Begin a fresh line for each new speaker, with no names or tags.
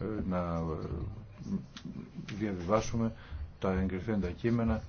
Ε, να ε, διαβιβάσουμε τα εγκριθέντα κείμενα